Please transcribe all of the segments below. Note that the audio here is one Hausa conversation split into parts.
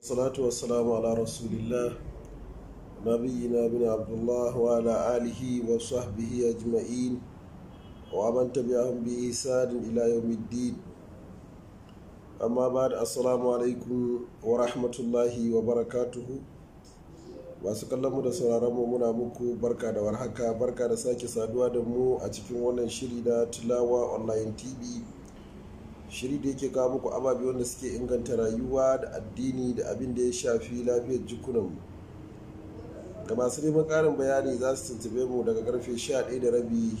salatu wassalamu ala rasulillah nabiyina bin abdullah wa ala alihi wa sahbihi ajma'in wa man tabi'ahum bi ihsanin ila yawmiddin amma ba da assalamu alaikum wa rahmatullahi wa barakatuhu masu kallon mu da sauraron mu muna muku barka da warhaka barka da sake saduwa da mu a cikin wannan shiri na tilawa online tv shiri da yake kawo muku ababe wanda suke inganta rayuwa da addini da abin da ya shafi lafiyar jikunanmu da masu neman karin bayani za su tuntube mu daga karfe 11 da rabi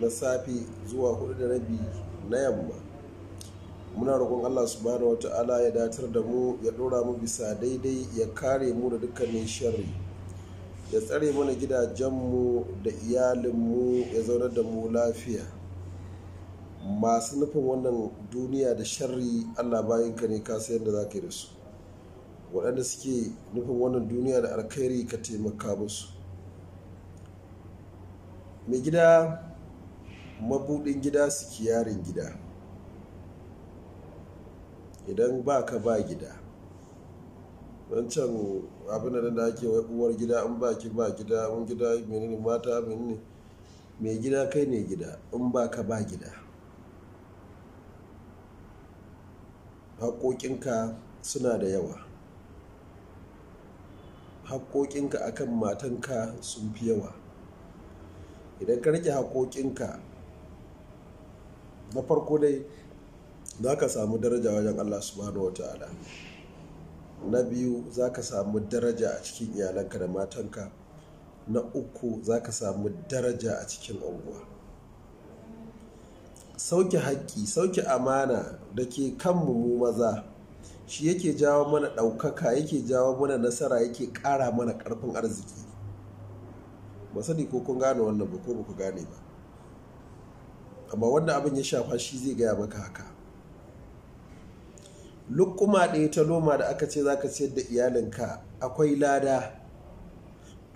na safe zuwa 4 da rabi na yamma muna roƙon allah subhanahu wa ta'ala ya datar da mu ya ɗora mu bisa daidai ya kare mu da dukkanin sharri ya tsare mana gidajenmu da iyalinmu ya zaunar da mu lafiya masu nufin wannan duniya da sharri allah bayinka ne ka sayar da za ka yi da su waɗanda suke nufin wannan duniya da alkhairi ka taimaka musu mai gida mabuɗin gida su kiyarin gida idan ba ka ba gida don can abin da ake wai uwar gida in ba ki ba gida in gida menene mata menene mai gida kai ne gida in ba ka ba gida haƙoƙinka suna da yawa haƙoƙinka akan matanka sun fi yawa idan ka rage haƙoƙinka na farko dai za ka samu daraja wajen allah subhanahu wata'ala na biyu za ka samu daraja a cikin iyalanka da matanka na uku za ka samu daraja a cikin unguwa sauke haƙƙi sauke amana da ke kanmu mu maza shi yake jawo mana ɗaukaka yake jawo mana nasara yake ƙara mana ƙarfin arziki ba sani ko kun gane wannan ba ko ba ku gane ba amma wanda abin ya shafa shi zai gaya maka haka lukuma ɗaya ta loma da aka ce za ka ciyar da iyalinka akwai lada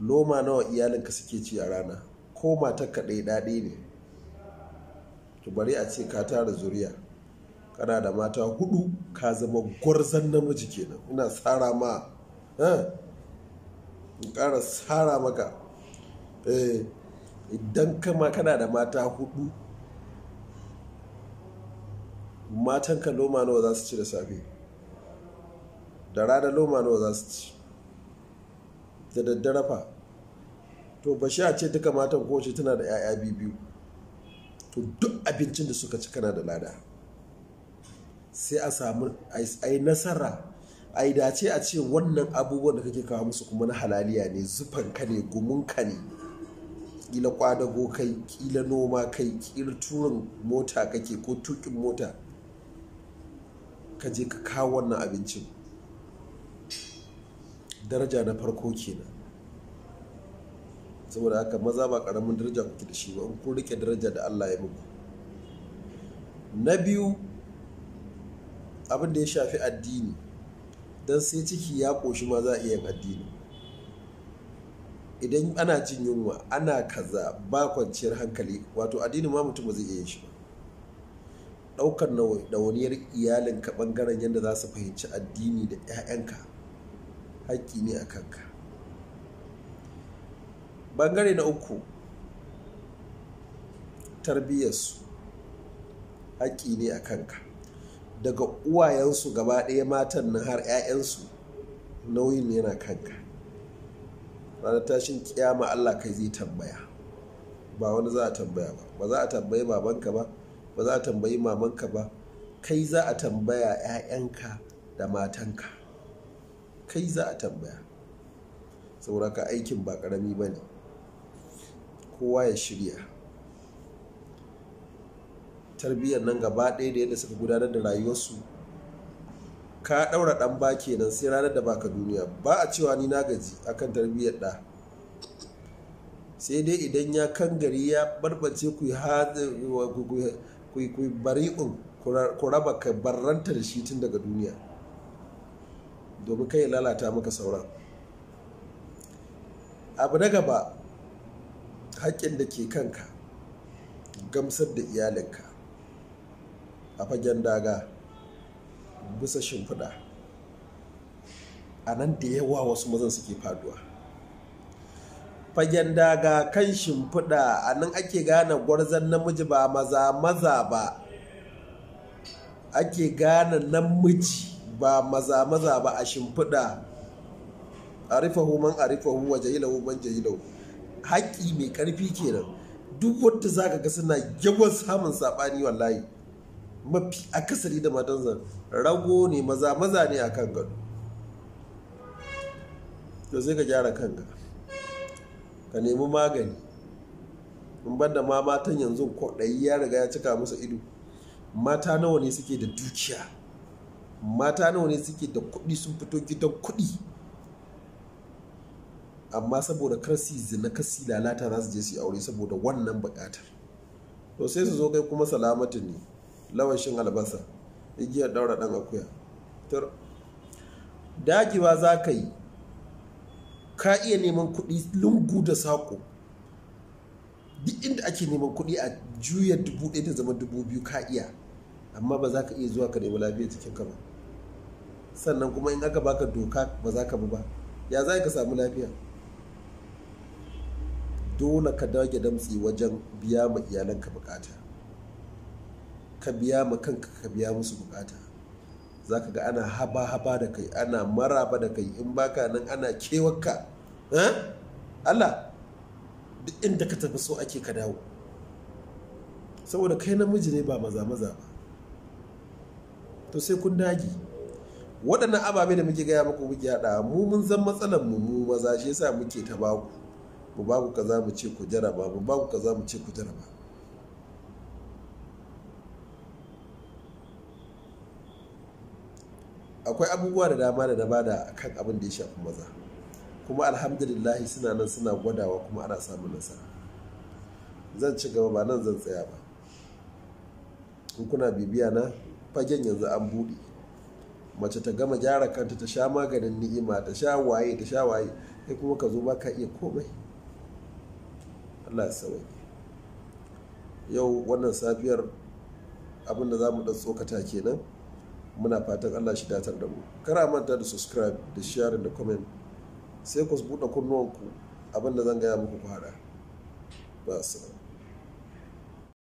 loma nawa iyalinka suke ci a rana ko matarka ɗaya ɗaɗe ne to bari a ce ka tara zuriya kana da mata hudu ka zama gwarzon namiji kenan ina tsara ma in kara tsara maka eh, idan kama kana da mata hudu matan ka loma nawa za su ci da safe da rana loma nawa za su ci da daddarafa fa to ba shi a ce duka matan kowace tana da 'ya'ya biyu to duk abincin da suka ci kana da lada sai a samu a yi nasara a yi dace a ce wannan abubuwan da kake kawo musu kuma na halaliya ne zufanka ne gumunka ne kila kwadago kai kila noma kai kila turin mota kake ko tukin mota ka je ka kawo wannan abincin daraja na farko kenan saboda haka maza ba karamin daraja kuke da shi ba in kun rike daraja da Allah ya muku na biyu abin da ya shafi addini don sai ciki ya koshi ma za a iya yin addini idan ana jin yunwa ana kaza ba kwanciyar hankali wato addini ma mutum ba zai iya shi ba ɗaukar ɗawainiyar iyalinka ɓangaren yadda za su fahimci addini da 'ya'yanka haƙƙi ne a kanka bangare na uku tarbiyyarsu haƙƙi ne a kanka daga uwayensu gaba ɗaya matan na har 'ya'yansu nauyin ne yana kanka ranar tashin kiyama allah kai zai tambaya ba wani za a tambaya ba ba za a tambayi babanka ba ba za a tambayi mamanka ba kai za a tambaya 'ya'yanka da matanka kai za a tambaya sauraka aikin ba ƙarami ba ne kowa ya shirya tarbiyyar nan gaba ɗaya da yadda suka gudanar da rayuwarsu ka ɗaura ɗan ba kenan sai ranar da baka duniya ba a cewa ni na gaji akan tarbiyyar ɗa sai dai idan ya kan gari ya barbace ku yi bari'un ku raba ka barranta da shi tun daga duniya domin kai lalata maka sauran abu na gaba haƙƙin da ke kanka gamsar da iyalinka a fagen daga bisa shimfiɗa a nan da yawa wasu mazan suke faduwa fagen daga kan shimfiɗa a nan ake gane gwarzan namiji ba maza maza ba ake gane namiji ba maza maza ba a shimfiɗa a rufe man a rufe hu waje yi ilahu man lau. haƙƙi mai ƙarfi kenan duk wanda za ka ga suna yawan samun saɓani wallahi mafi akasari da matan zan rago ne maza maza ne a kan gado to sai ka gyara kanka ka nemi magani in banda ma matan yanzu kwaɗayi ya riga ya cika musu ido mata nawa ne suke da dukiya mata nawa ne suke da kuɗi sun fito gidan kuɗi amma saboda kar su zina kar su lalata za su je su aure saboda wannan bukatar to sai su zo kai kuma salamatu ne lawashin albasa igiyar daura dan akuya dagewa za ka yi ka iya neman kuɗi lungu da saƙo duk inda ake neman kuɗi a juya dubu ɗaya da zama dubu biyu ka iya amma ba za ka iya zuwa ka nemi lafiyar jikinka ba sannan kuma in aka baka doka ba za ka bi ba ya za ka samu lafiya dole ka dage damtsi wajen biya ma iyalanka bukata ka biya ma kanka ka biya musu bukata za ka ga ana haba haba da kai ana maraba da kai in baka nan ana kewarka Allah duk inda ka tafi so ake ka dawo saboda kai namiji ne ba maza maza ba to sai kun dage waɗannan ababe da muke gaya muku muke haɗa mu mun zan matsalar mu mu maza shi yasa muke ta baku mu ba ku kaza mu ce ku jaraba mu ba ku kaza mu ce ku jaraba akwai abubuwa da dama da na bada kan abin da ya shafi maza kuma alhamdulillahi suna nan suna gwadawa kuma ana samun nasara zan ci gaba ba nan zan tsaya ba in kuna bibiya na fagen yanzu an buɗe mace ta gama gyara kanta ta sha maganin ni'ima ta sha waye ta sha waye sai kuma ka zo ba ka iya komai allah sauki yau wannan safiyar abinda za mu ɗan tsokata kenan muna fatan allah shi datar da mu Kar a manta da subscribe da sharing da comment sai ku buɗe kunnuwanku abinda zan gaya muku fara ba